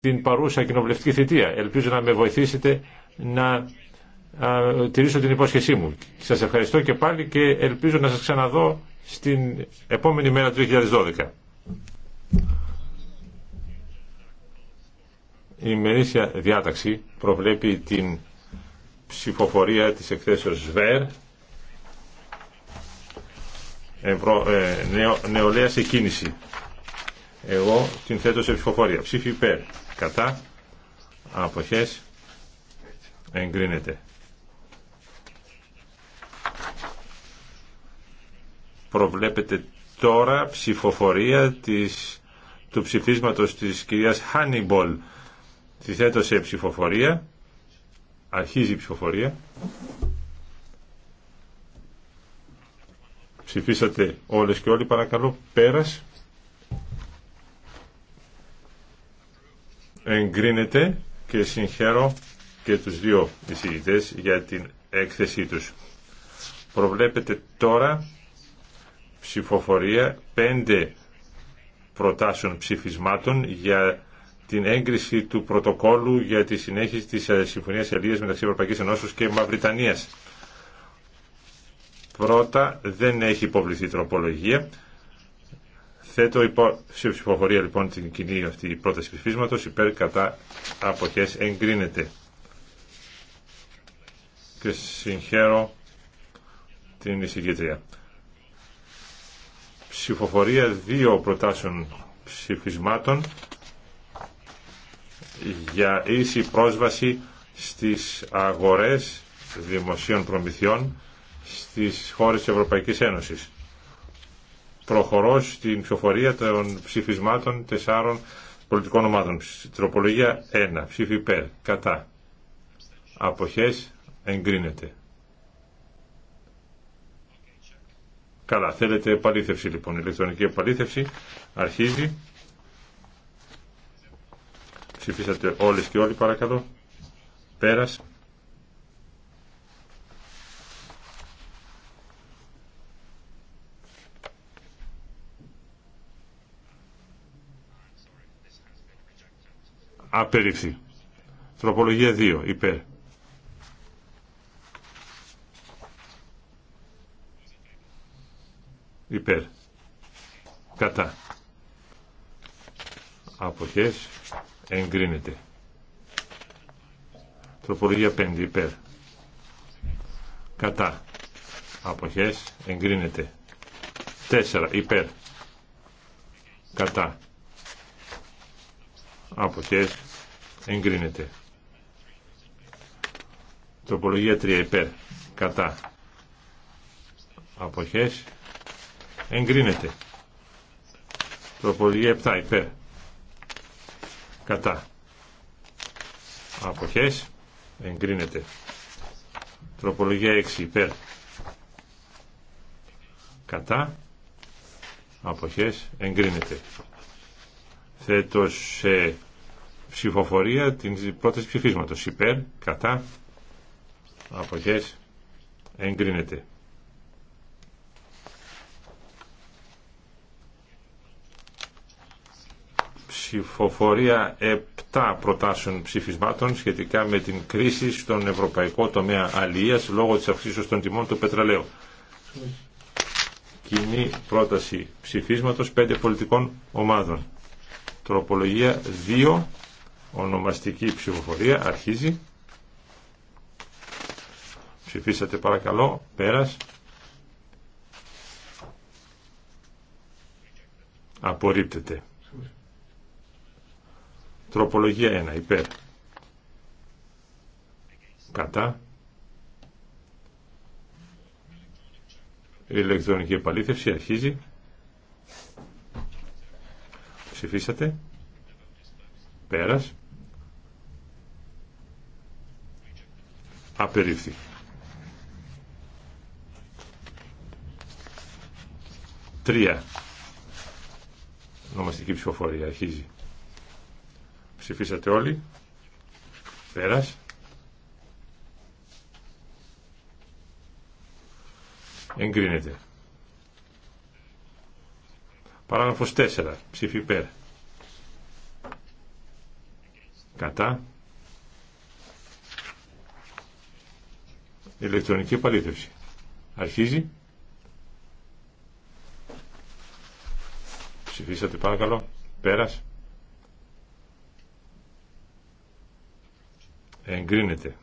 την παρούσα κοινοβουλευτική θητεία. Ελπίζω να με βοηθήσετε να τηρήσω την υπόσχεσή μου. Σας ευχαριστώ και πάλι και ελπίζω να σας ξαναδώ στην επόμενη μέρα του 2012. Η ημερήσια διάταξη προβλέπει την ψηφοφορία της εκθέσεως ΣΒΕΡ ε, νεολαία σε κίνηση. Εγώ την θέτω σε ψηφοφορία. Ψήφι υπέρ κατά αποχές εγκρίνεται Προβλέπετε τώρα ψηφοφορία της, του ψηφίσματος της κυρίας Χάνιμπολ τη θέτω σε ψηφοφορία αρχίζει η ψηφοφορία ψηφίσατε όλες και όλοι παρακαλώ πέρας εγκρίνεται και συγχαίρω και τους δύο εισηγητές για την έκθεσή τους. Προβλέπεται τώρα ψηφοφορία πέντε προτάσεων ψηφισμάτων για την έγκριση του πρωτοκόλου για τη συνέχιση της ε, Συμφωνίας Ελίας μεταξύ Ευρωπαϊκής Ενώσεως και Μαυριτανίας. Πρώτα δεν έχει υποβληθεί τροπολογία. Θέτω υπό σε ψηφοφορία λοιπόν την κοινή αυτή η πρόταση ψηφίσματο υπέρ κατά αποχές εγκρίνεται. Και συγχαίρω την εισηγήτρια. Ψηφοφορία δύο προτάσεων ψηφισμάτων για ίση πρόσβαση στις αγορές δημοσίων προμηθειών στις χώρες της Ευρωπαϊκής Ένωσης προχωρώ στην ψηφοφορία των ψηφισμάτων τεσσάρων πολιτικών ομάδων. Τροπολογία 1. Ψήφι υπέρ. Κατά. Αποχές εγκρίνεται. Καλά, θέλετε επαλήθευση λοιπόν. Ηλεκτρονική επαλήθευση αρχίζει. Ψηφίσατε όλες και όλοι παρακαλώ. Πέρας. Απερίφθη. Τροπολογία 2. Υπέρ. Υπέρ. Κατά. Αποχές. Εγκρίνεται. Τροπολογία 5. Υπέρ. Κατά. Αποχές. Εγκρίνεται. 4. Υπέρ. Κατά αποχές εγκρίνεται. Τροπολογία 3 υπέρ κατά αποχές εγκρίνεται. Τροπολογία 7 υπέρ κατά αποχές εγκρίνεται. Τροπολογία 6 υπέρ κατά αποχές εγκρίνεται. Θέτω σε ψηφοφορία την πρώτη ψηφίσματο. Υπέρ, κατά, αποχές, εγκρίνεται. Ψηφοφορία 7 προτάσεων ψηφισμάτων σχετικά με την κρίση στον ευρωπαϊκό τομέα αλληλείας λόγω της αυξήσεως των τιμών του πετρελαίου. Κοινή πρόταση ψηφίσματος 5 πολιτικών ομάδων. Τροπολογία 2 Ονομαστική ψηφοφορία αρχίζει. Ψηφίσατε παρακαλώ. Πέρας. Απορρίπτεται. Τροπολογία 1. Υπέρ. Κατά. ηλεκτρονική επαλήθευση αρχίζει. Ψηφίσατε. Πέρας. απερίφθη. Τρία. Νομαστική ψηφοφορία αρχίζει. Ψηφίσατε όλοι. Πέρας. Εγκρίνεται. Παράγραφος τέσσερα. Ψήφι υπέρ. Κατά. ηλεκτρονική επαλήθευση. Αρχίζει. Ψηφίσατε παρακαλώ. Πέρας. Εγκρίνεται.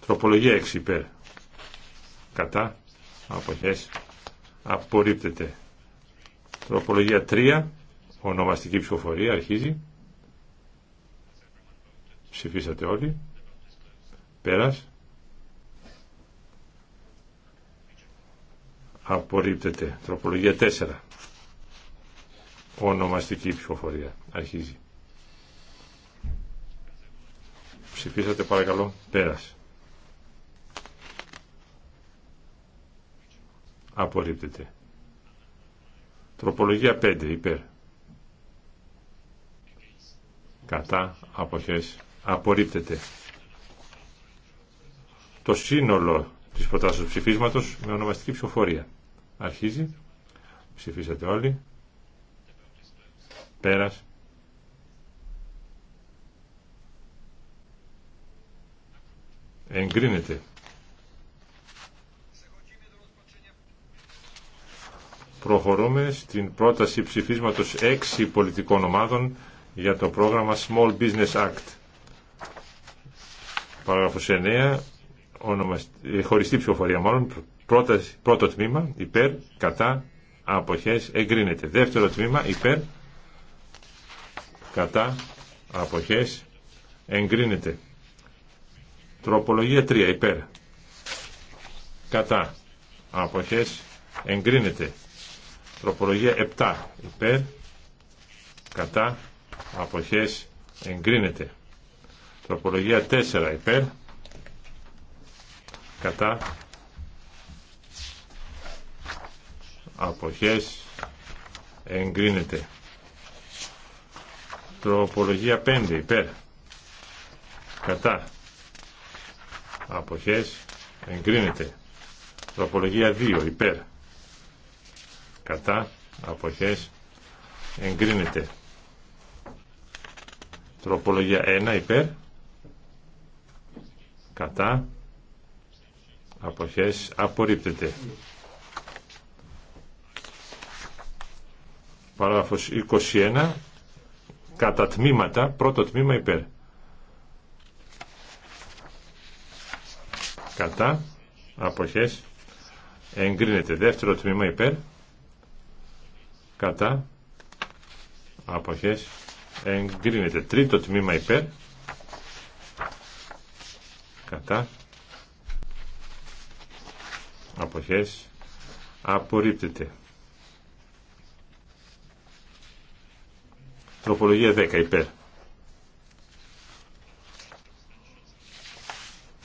Τροπολογία 6 υπέρ. Κατά. Αποχές. Απορρίπτεται. Τροπολογία 3. Ονομαστική ψηφοφορία. Αρχίζει. Ψηφίσατε όλοι. Πέρας. Απορρίπτεται. Τροπολογία 4. Ονομαστική ψηφοφορία. Αρχίζει. Ψηφίσατε παρακαλώ. Πέρας. Απορρίπτεται. Τροπολογία 5. Υπέρ. Κατά. Αποχές. Απορρίπτεται το σύνολο της προτάσεως ψηφίσματος με ονομαστική ψηφοφορία. Αρχίζει. Ψηφίσατε όλοι. Πέρας. Εγκρίνεται. Προχωρούμε στην πρόταση ψηφίσματος 6 πολιτικών ομάδων για το πρόγραμμα Small Business Act. Παράγραφος 9. Ε, χωριστή ψηφοφορία μάλλον, πρώτο τμήμα υπέρ, κατά, αποχές, εγκρίνεται. Δεύτερο τμήμα υπέρ, κατά, αποχές, εγκρίνεται. Τροπολογία 3 υπέρ, κατά, αποχές, εγκρίνεται. Τροπολογία 7 υπέρ, κατά, αποχές, εγκρίνεται. Τροπολογία 4 υπέρ, κατά αποχές εγκρίνεται τροπολογία 5 υπέρ κατά αποχές εγκρίνεται τροπολογία 2 υπέρ κατά αποχές εγκρίνεται τροπολογία 1 υπέρ κατά αποχές απορρίπτεται. Παράγραφος 21 κατά τμήματα, πρώτο τμήμα υπέρ. Κατά αποχές εγκρίνεται. Δεύτερο τμήμα υπέρ. Κατά αποχές εγκρίνεται. Τρίτο τμήμα υπέρ. Κατά αποχές απορρίπτεται. Τροπολογία 10 υπέρ.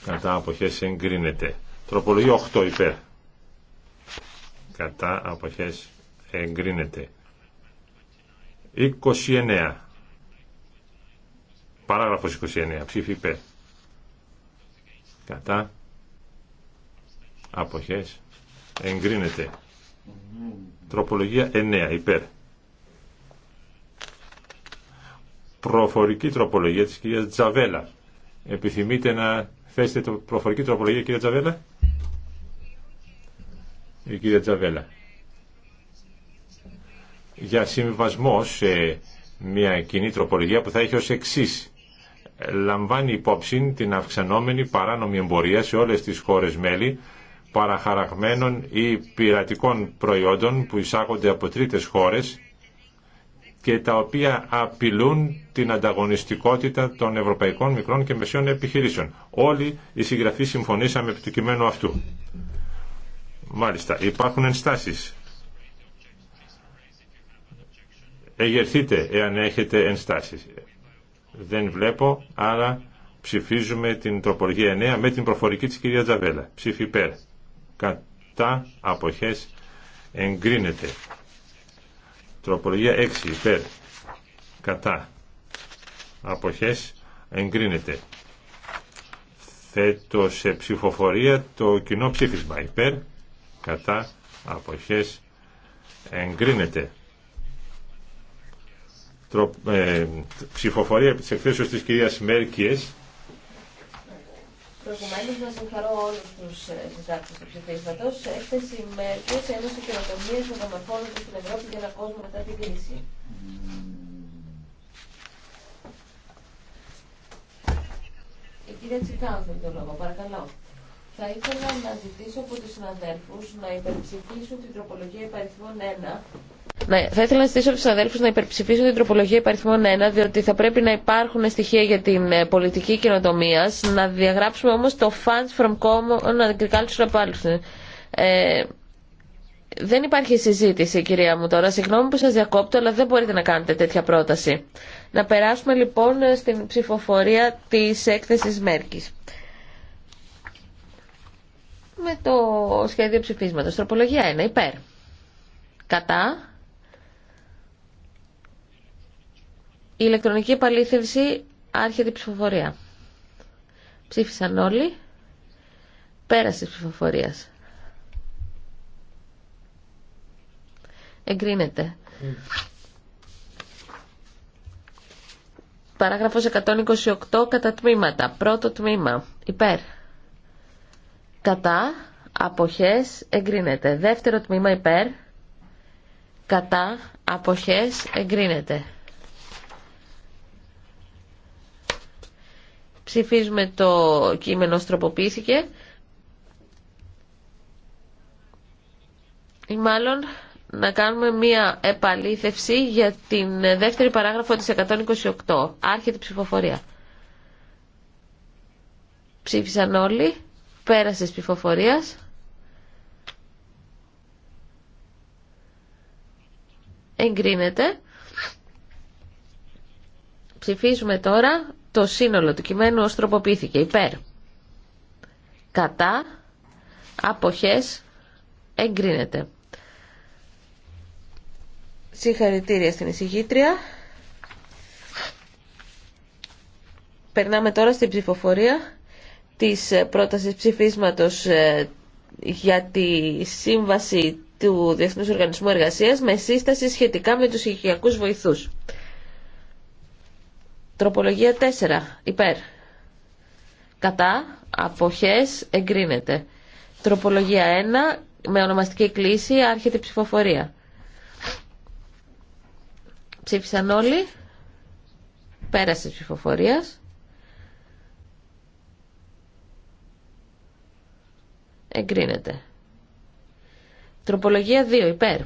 Κατά αποχές εγκρίνεται. Τροπολογία 8 υπέρ. Κατά αποχές εγκρίνεται. 29. Παράγραφος 29. Ψήφι υπέρ. Κατά Αποχές. Εγκρίνεται. Τροπολογία 9. Υπέρ. Προφορική τροπολογία της κυρίας Τζαβέλα. Επιθυμείτε να θέσετε το προφορική τροπολογία κυρία Τζαβέλα. Η κυρία Τζαβέλα. Για συμβασμό σε μια κοινή τροπολογία που θα έχει ως εξής λαμβάνει υπόψη την αυξανόμενη παράνομη εμπορία σε όλες τις χώρες μέλη παραχαραγμένων ή πειρατικών προϊόντων που εισάγονται από τρίτες χώρες και τα οποία απειλούν την ανταγωνιστικότητα των ευρωπαϊκών μικρών και μεσαίων επιχειρήσεων. Όλοι οι συγγραφείς συμφωνήσαμε επί του κειμένου αυτού. Μάλιστα, υπάρχουν ενστάσεις. Εγερθείτε εάν έχετε ενστάσεις. Δεν βλέπω, άρα ψηφίζουμε την τροπολογία 9 με την προφορική της κυρία Τζαβέλα. Ψήφι πέρα κατά αποχές εγκρίνεται. Τροπολογία 6 υπέρ κατά αποχές εγκρίνεται. Θέτω σε ψηφοφορία το κοινό ψήφισμα υπέρ κατά αποχές εγκρίνεται. ε, ψηφοφορία της εκθέσεως της κυρίας Μέρκιες Προηγουμένω, να συγχαρώ όλου ε, του συντάκτε του ψηφίσματο. Έκθεση σε Ένωση Καινοτομία μεταμορφώνεται στην Ευρώπη για ένα κόσμο μετά την κρίση. Η κυρία Τσικάου θέλει το λόγο, παρακαλώ. Θα ήθελα να ζητήσω από του συναδέλφου να υπερψηφίσουν την τροπολογία υπαριθμών 1 ναι, θα ήθελα να στήσω του αδέλφου να υπερψηφίσουν την τροπολογία υπαριθμών 1, διότι θα πρέπει να υπάρχουν στοιχεία για την ε, πολιτική κοινοτομία Να διαγράψουμε όμω το funds from common agricultural policy. Ε, δεν υπάρχει συζήτηση, κυρία μου, τώρα. Συγγνώμη που σα διακόπτω, αλλά δεν μπορείτε να κάνετε τέτοια πρόταση. Να περάσουμε λοιπόν στην ψηφοφορία τη έκθεση Μέρκη. Με το σχέδιο ψηφίσματο. Τροπολογία 1. Υπέρ. Κατά. Η ηλεκτρονική επαλήθευση άρχεται η ψηφοφορία. Ψήφισαν όλοι. Πέρασε η ψηφοφορία. Εγκρίνεται. Mm. Παράγραφος 128 κατά τμήματα. Πρώτο τμήμα. Υπέρ. Κατά. Αποχές. Εγκρίνεται. Δεύτερο τμήμα υπέρ. Κατά. Αποχές. Εγκρίνεται. Ψηφίζουμε το κείμενο στροποποιήθηκε. Ή μάλλον να κάνουμε μία επαλήθευση για την δεύτερη παράγραφο της 128. Άρχεται ψηφοφορία. Ψήφισαν όλοι. Πέρασε της ψηφοφορίας. Εγκρίνεται. Ψηφίζουμε τώρα το σύνολο του κειμένου ως τροποποιήθηκε υπέρ. Κατά αποχές εγκρίνεται. Συγχαρητήρια στην εισηγήτρια. Περνάμε τώρα στην ψηφοφορία της πρότασης ψηφίσματος ε, για τη σύμβαση του Διεθνούς Οργανισμού Εργασίας με σύσταση σχετικά με τους υγειακούς βοηθούς. Τροπολογία 4. Υπέρ. Κατά. Αποχές. Εγκρίνεται. Τροπολογία 1. Με ονομαστική κλίση άρχεται ψηφοφορία. Ψήφισαν όλοι. Πέρασε ψηφοφορία. Εγκρίνεται. Τροπολογία 2. Υπέρ.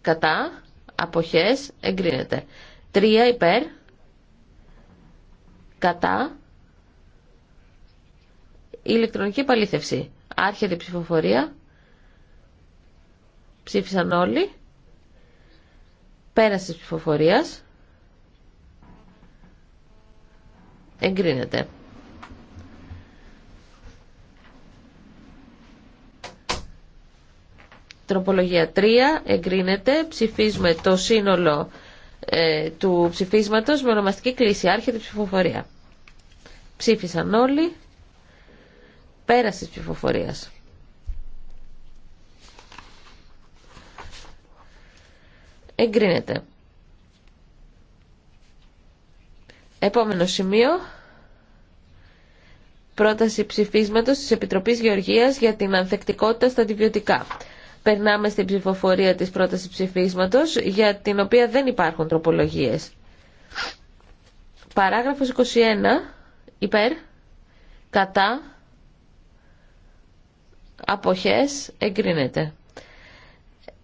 Κατά. Αποχές. Εγκρίνεται τρία υπέρ. Κατά. Ηλεκτρονική επαλήθευση. Άρχεται η ψηφοφορία. Ψήφισαν όλοι. Πέρασε της ψηφοφορίας. Εγκρίνεται. Τροπολογία 3 εγκρίνεται. Ψηφίζουμε το σύνολο ε, του ψηφίσματος με ονομαστική κλίση. Άρχεται η ψηφοφορία. Ψήφισαν όλοι. Πέρασε της ψηφοφορίας. Εγκρίνεται. Επόμενο σημείο. Πρόταση ψηφίσματος της Επιτροπής Γεωργίας για την ανθεκτικότητα στα αντιβιωτικά. Περνάμε στην ψηφοφορία της πρότασης ψηφίσματος, για την οποία δεν υπάρχουν τροπολογίες. Παράγραφος 21, υπέρ, κατά, αποχές, εγκρίνεται.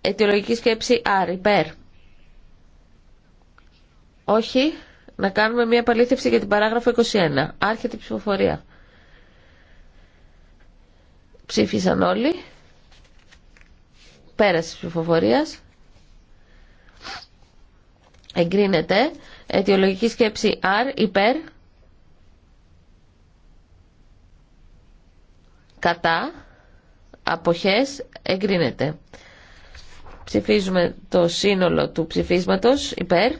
Αιτιολογική σκέψη R, υπέρ. Όχι, να κάνουμε μια παλήθευση για την παράγραφο 21. Άρχεται η ψηφοφορία. Ψήφισαν όλοι. Πέραση της ψηφοφορίας. Εγκρίνεται. Αιτιολογική σκέψη R υπέρ. Κατά. Αποχές. Εγκρίνεται. Ψηφίζουμε το σύνολο του ψηφίσματος υπέρ.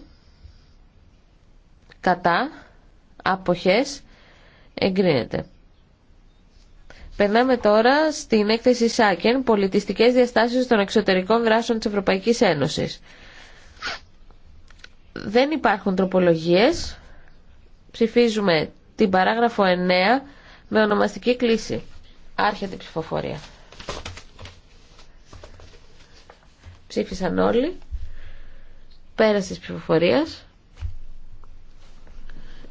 Κατά. Αποχές. Εγκρίνεται. Περνάμε τώρα στην έκθεση ΣΑΚΕΝ, πολιτιστικές διαστάσεις των εξωτερικών δράσεων της Ευρωπαϊκής Ένωσης. Δεν υπάρχουν τροπολογίες. Ψηφίζουμε την παράγραφο 9 με ονομαστική κλίση. Άρχεται η ψηφοφορία. Ψήφισαν όλοι. Πέρασε της ψηφοφορίας.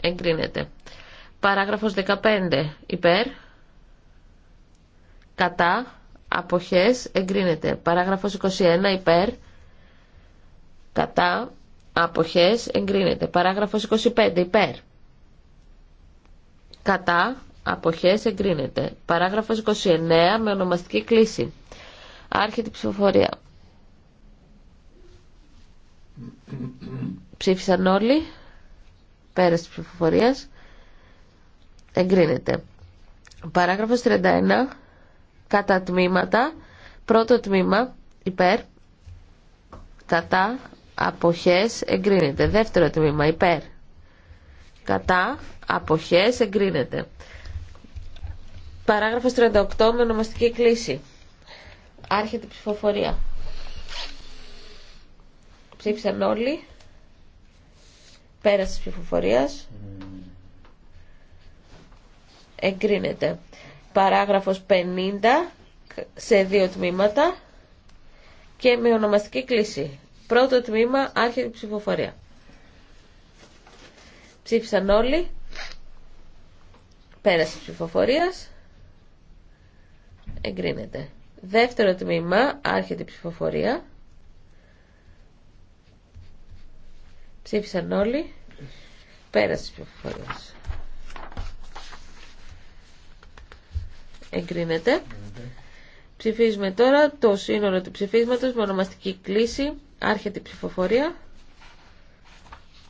Εγκρίνεται. Παράγραφος 15. Υπέρ κατά, αποχές, εγκρίνεται. Παράγραφος 21 υπέρ, κατά, αποχές, εγκρίνεται. Παράγραφος 25 υπέρ, κατά, αποχές, εγκρίνεται. Παράγραφος 29 με ονομαστική κλίση. Άρχεται η ψηφοφορία. Ψήφισαν όλοι. Πέρας της ψηφοφορία. Εγκρίνεται. Παράγραφος 31 κατά τμήματα. Πρώτο τμήμα υπέρ, κατά, αποχές, εγκρίνεται. Δεύτερο τμήμα υπέρ, κατά, αποχές, εγκρίνεται. Παράγραφος 38 με ονομαστική κλίση. Άρχεται η ψηφοφορία. Ψήφισαν όλοι. Πέρασε της ψηφοφορίας. Mm. Εγκρίνεται παράγραφος 50 σε δύο τμήματα και με ονομαστική κλίση. Πρώτο τμήμα, άρχεται ψηφοφορία. Ψήφισαν όλοι. Πέρασε ψηφοφορία, Εγκρίνεται. Δεύτερο τμήμα, άρχεται ψηφοφορία. Ψήφισαν όλοι. Πέρασε ψηφοφορία. εγκρίνεται. Ψηφίζουμε τώρα το σύνολο του ψηφίσματος με ονομαστική κλίση. Άρχεται η ψηφοφορία.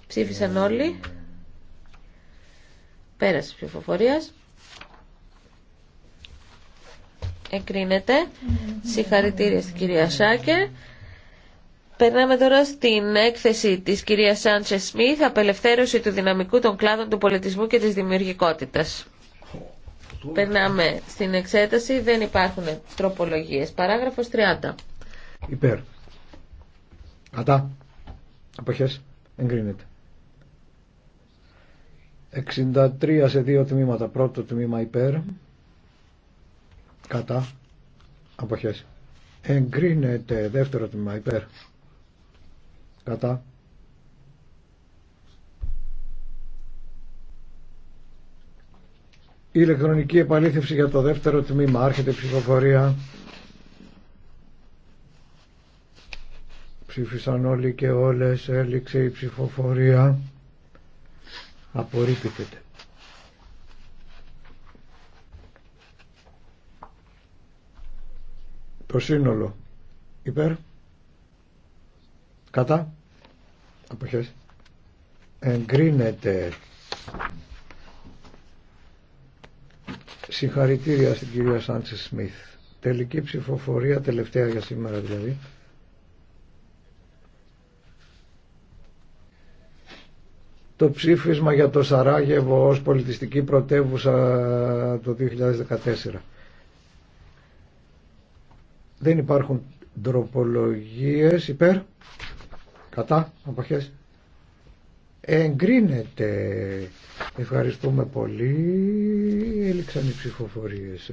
Ψήφισαν όλοι. Πέρασε η ψηφοφορία. Εγκρίνεται. Συγχαρητήρια στην κυρία Σάκε. Περνάμε τώρα στην έκθεση της κυρίας Σάντσε Σμιθ, απελευθέρωση του δυναμικού των κλάδων του πολιτισμού και της δημιουργικότητας. Περνάμε στην εξέταση. Δεν υπάρχουν τροπολογίες. Παράγραφος 30. Υπέρ. Κατά. Αποχές. Εγκρίνεται. 63 σε δύο τμήματα. Πρώτο τμήμα υπέρ. Κατά. Αποχές. Εγκρίνεται. Δεύτερο τμήμα υπέρ. Κατά. Η ηλεκτρονική επαλήθευση για το δεύτερο τμήμα. Άρχεται ψηφοφορία. Ψήφισαν όλοι και όλες. Έληξε η ψηφοφορία. Απορρίπτεται. Το σύνολο. Υπέρ. Κατά. Αποχές. Εγκρίνεται. Συγχαρητήρια στην κυρία Σάντσε Σμιθ. Τελική ψηφοφορία, τελευταία για σήμερα δηλαδή. Το ψήφισμα για το Σαράγεβο ως πολιτιστική πρωτεύουσα το 2014. Δεν υπάρχουν τροπολογίες υπέρ, κατά, αποχές εγκρίνεται. Ευχαριστούμε πολύ. Έληξαν οι ψηφοφορίες.